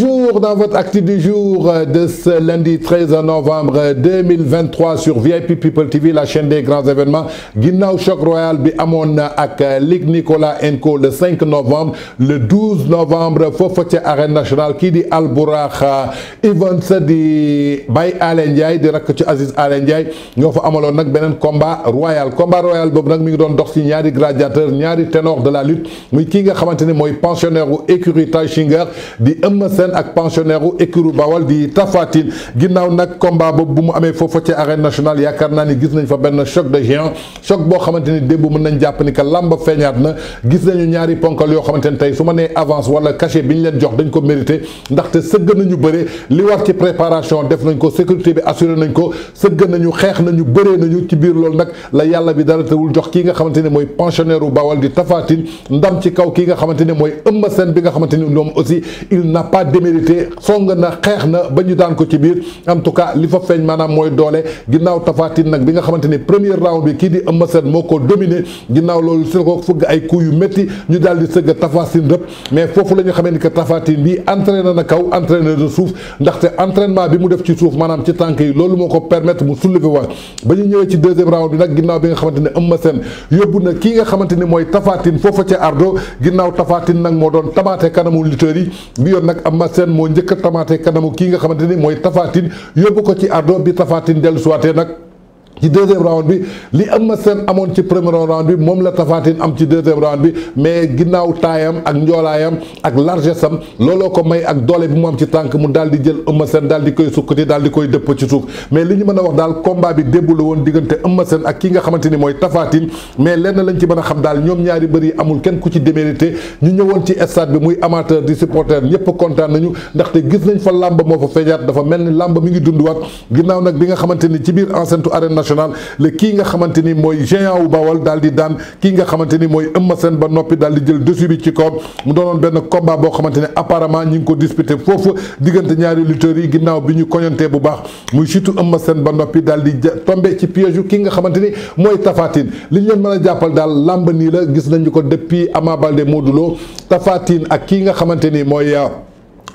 Bonjour dans votre acte du jour euh, de ce lundi 13 novembre 2023 sur VIP People TV, la chaîne des grands événements, Ginao choc royal bi amoon ak euh, Nicolas Enco le 5 novembre le 12 novembre Fofotia Arena arène nationale kii di Albourakh Events euh, di Bay Alé de di Aziz Alé Nous Nous avons un combat royal combat royal nous nag mi ngi dox ci ñaari gladiateur ñaari ténor de la lutte muy nga pensionnaire ou écurie Sène ak pensionnaire u écurie Bawal di Tafatine ginnaw nak combat bobu bu mu amé fofu ci arène nationale yakarna ni gis nañ fa ben choc de géant choc bo xamante debbu démb mën nañ jàpp ni que làmb feeñaat na gis nañu ñaari ponkal yo xamante tay suma né avance wala cachet bi ñu leen jox dañ ko mérité ndaxte sëgg nañu bëre li war ci préparation def nañ ko sécurité bi assurer nañ ko sëgg nañu xeex nañu bëree nañu ci biir lool nak la yalla bi dara tawul jox ki nga xamante moy mooy pensionnaire Bawal di Tafatine ndam ci kaw ki nga xamante moy mooy sen bi nga xamante ni aussi il n'a pas démérité song na xeex na ba daan ko ci biir en tout cas li fa feñ manam moy doole ginnaw tafatin nak bi nga xamanteni premier round bi ki di ambassade moko dominer ginnaw lolou sel ko fëgg ay coups yu métti ñu dal di seug tafatin rep mais fofu lañu xamanteni xamee ni que tafaatin bi entraîneur na kaw entraîné na suuf ndaxte entraînement bi mu def ci souf manam ci tànk yi lolou moko permettre mu soulever wa bañu ñu ci deuxième round bi nak ginnaw bi nga xamanteni ambassade yóbbu na ki nga xamanteni moy tafatin fofu ci ardo ginnaw tafatin nak mo doon tabaate kanamu lutteurs yi bi yon nak am Eumeu Sène moo njëkk a tamaate kanamu kii nga xamante ni mooy Tapha Tine yóbbu ko ci ardo bi Tapha Tine dellu suwaatee nag ci deuxième round bi li Eumeu Sène amoon ci premier round bi moom la Tapha am ci deuxième round bi mais ginnaaw taayam ak njoolaayam ak largesse am looloo ko may ak doole bi mu am ci tànk mu daal di jël Eumeu Sène daal di koy sukkati daal di koy dëpp ci suuf mais li ñu mën a wax daal combat bi débb woon diggante Eumeu Sène ak ki nga xamante ni mooy Tapha Tine mais lenn lañ ci mën a xam daal ñoom ñaari bëri yi amul kenn ku ci démérité ñu ñëwoon ci stade bi muy amateur di supporter ñëpp kontaan nañu ndaxte gis nañ fa làmb moo fa feeñaat dafa mel ni làmb mi ngi dunduwaat ginnaaw nag bi nga xamante ni ci biir enceinte arène national la kii nga xamante ni mooy géant wu Bawol daal di daan kii nga xamante ni mooy Eumeu Sène ba noppi daal di jël dessus bi ci kaw mu doonoon benn combat boo xamante ne apparemment ñi ngi ko disputé foofu diggante ñaari lutteurs yi ginnaaw bi ñu koñantee bu baax muy surtout Eumeu Sène ba noppi daal di tombé ci piège yu ki nga xamante ni mooy Tapha li ñu mën a jàppal daal làmb nii la gis nañu ko depuis Ama Baldé moo Lo tafaatin Tine ak kii nga xamante ni mooy. Euh,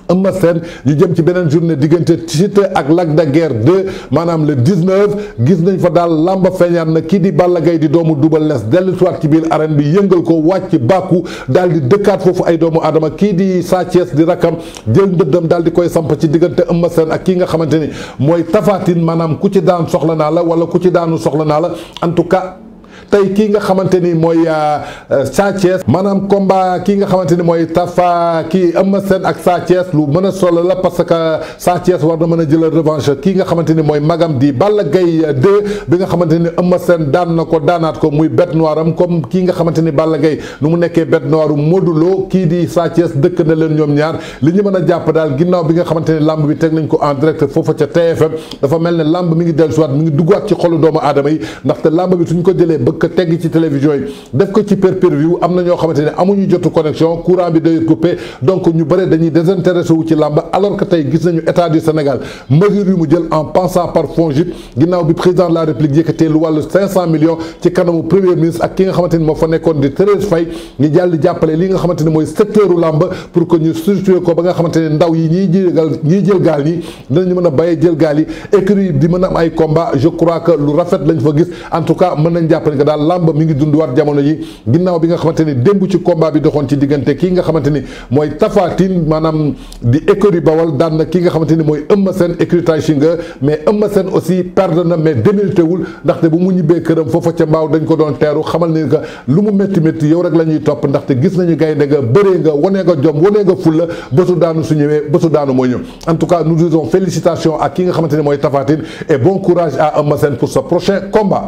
Eumeu Sène ñu jëm ci beneen journée diggante Siteu ak Lac de Guiers 2 maanaam le 19 gis nañ fa daal làmba feeñaat na kii di Balla gay di doomu Double Less dellu siwaat ci biir arène bi yëngal ko wàcc bàkku daal di dëkkaat foofu ay doomu aadama kii di Sa Thiès di rakkam jël ndëddam daal di koy samp ci diggante Eumeu seen ak kii nga xamante ni mooy Tapha Tine maanaam ku ci daan soxla naa la wala ku ci daanu soxla naa la en tey kii nga xamante ni mooy euh, euh, Sa Thiès maanaam combat kii nga xamante ni mooy Tafa kii Eumeu Sène ak Sa Thiès lu mën a solo la parce que Sa Thiès war na mën a jëlal revancher kii nga xamante ni mooy magam di Balla Gaye 2 bi nga xamante ni Eumeu Sène daan na ko daanaat ko muy bête noire am comme kii nga xamante ni Balla Gaye nu mu nekkee bête noire u kii di Sa Thiès dëkk na leen ñoom ñaar li ñu mën a jàpp daal ginnaaw bi nga xamante ni lamb bi teg nañ ko en direct foofa ca TFM dafa mel ne lamb mi ngi dellusiwaat mi ngi duggaat ci xolu doomu aadama yi ndaxte lamb bi suñ ko jëlee bëgg ko tegg ci télévision yi def ko ci pay-per-view am na ñoo xamante ne amuñu jotu connexion courant bi day coupé donc ñu bëre dañuy désintéressé wu ci lamb alors que tey gis nañu état du Sénégal mesure yu mu jël en pensant par fond FONGIP ginnaaw bi président de la République yëkkatee lu wàllu 500 millions ci kanamu premier ministre ak ki nga xamante ni moo fa nekkoon di Thérèse Faye ñu jàll jàppale li nga xamante ni mooy secteuru lamb pour que ñu structuré ko ba nga xamante ne ndaw yi ñiy jël ñiy jël gaal yi dinañu mën a bàyyee jël gaal yi écrit di mën a am ay combat je crois que lu rafet lañ fa gis en tout cas mën nañ jàppale mel nga daal mi ngi wat jamono yi ginnaaw bi nga xamanteni ni ci combat bi doxoon ci diggante ki nga xamanteni moy tafatin manam di écurie Bawol daan na nga xamanteni moy mooy Eumeu écurie Tay mais Eumeu aussi perdre na mais démérité wul ndaxte bu mu ñibé kërëm fofu ca mbaaw dañ ko doon téru xamal ni que lu mu metti yow rek lañuy top ndax ndaxte gis nañu gaynde nga bëree nga woné nga jom woné nga fulla bésu daanu su ñëwee bésu daanu moy ñëw en tout cas nous disons félicitations à ki nga xamanteni moy tafatin et bon courage à Eumeu pour ce prochain combat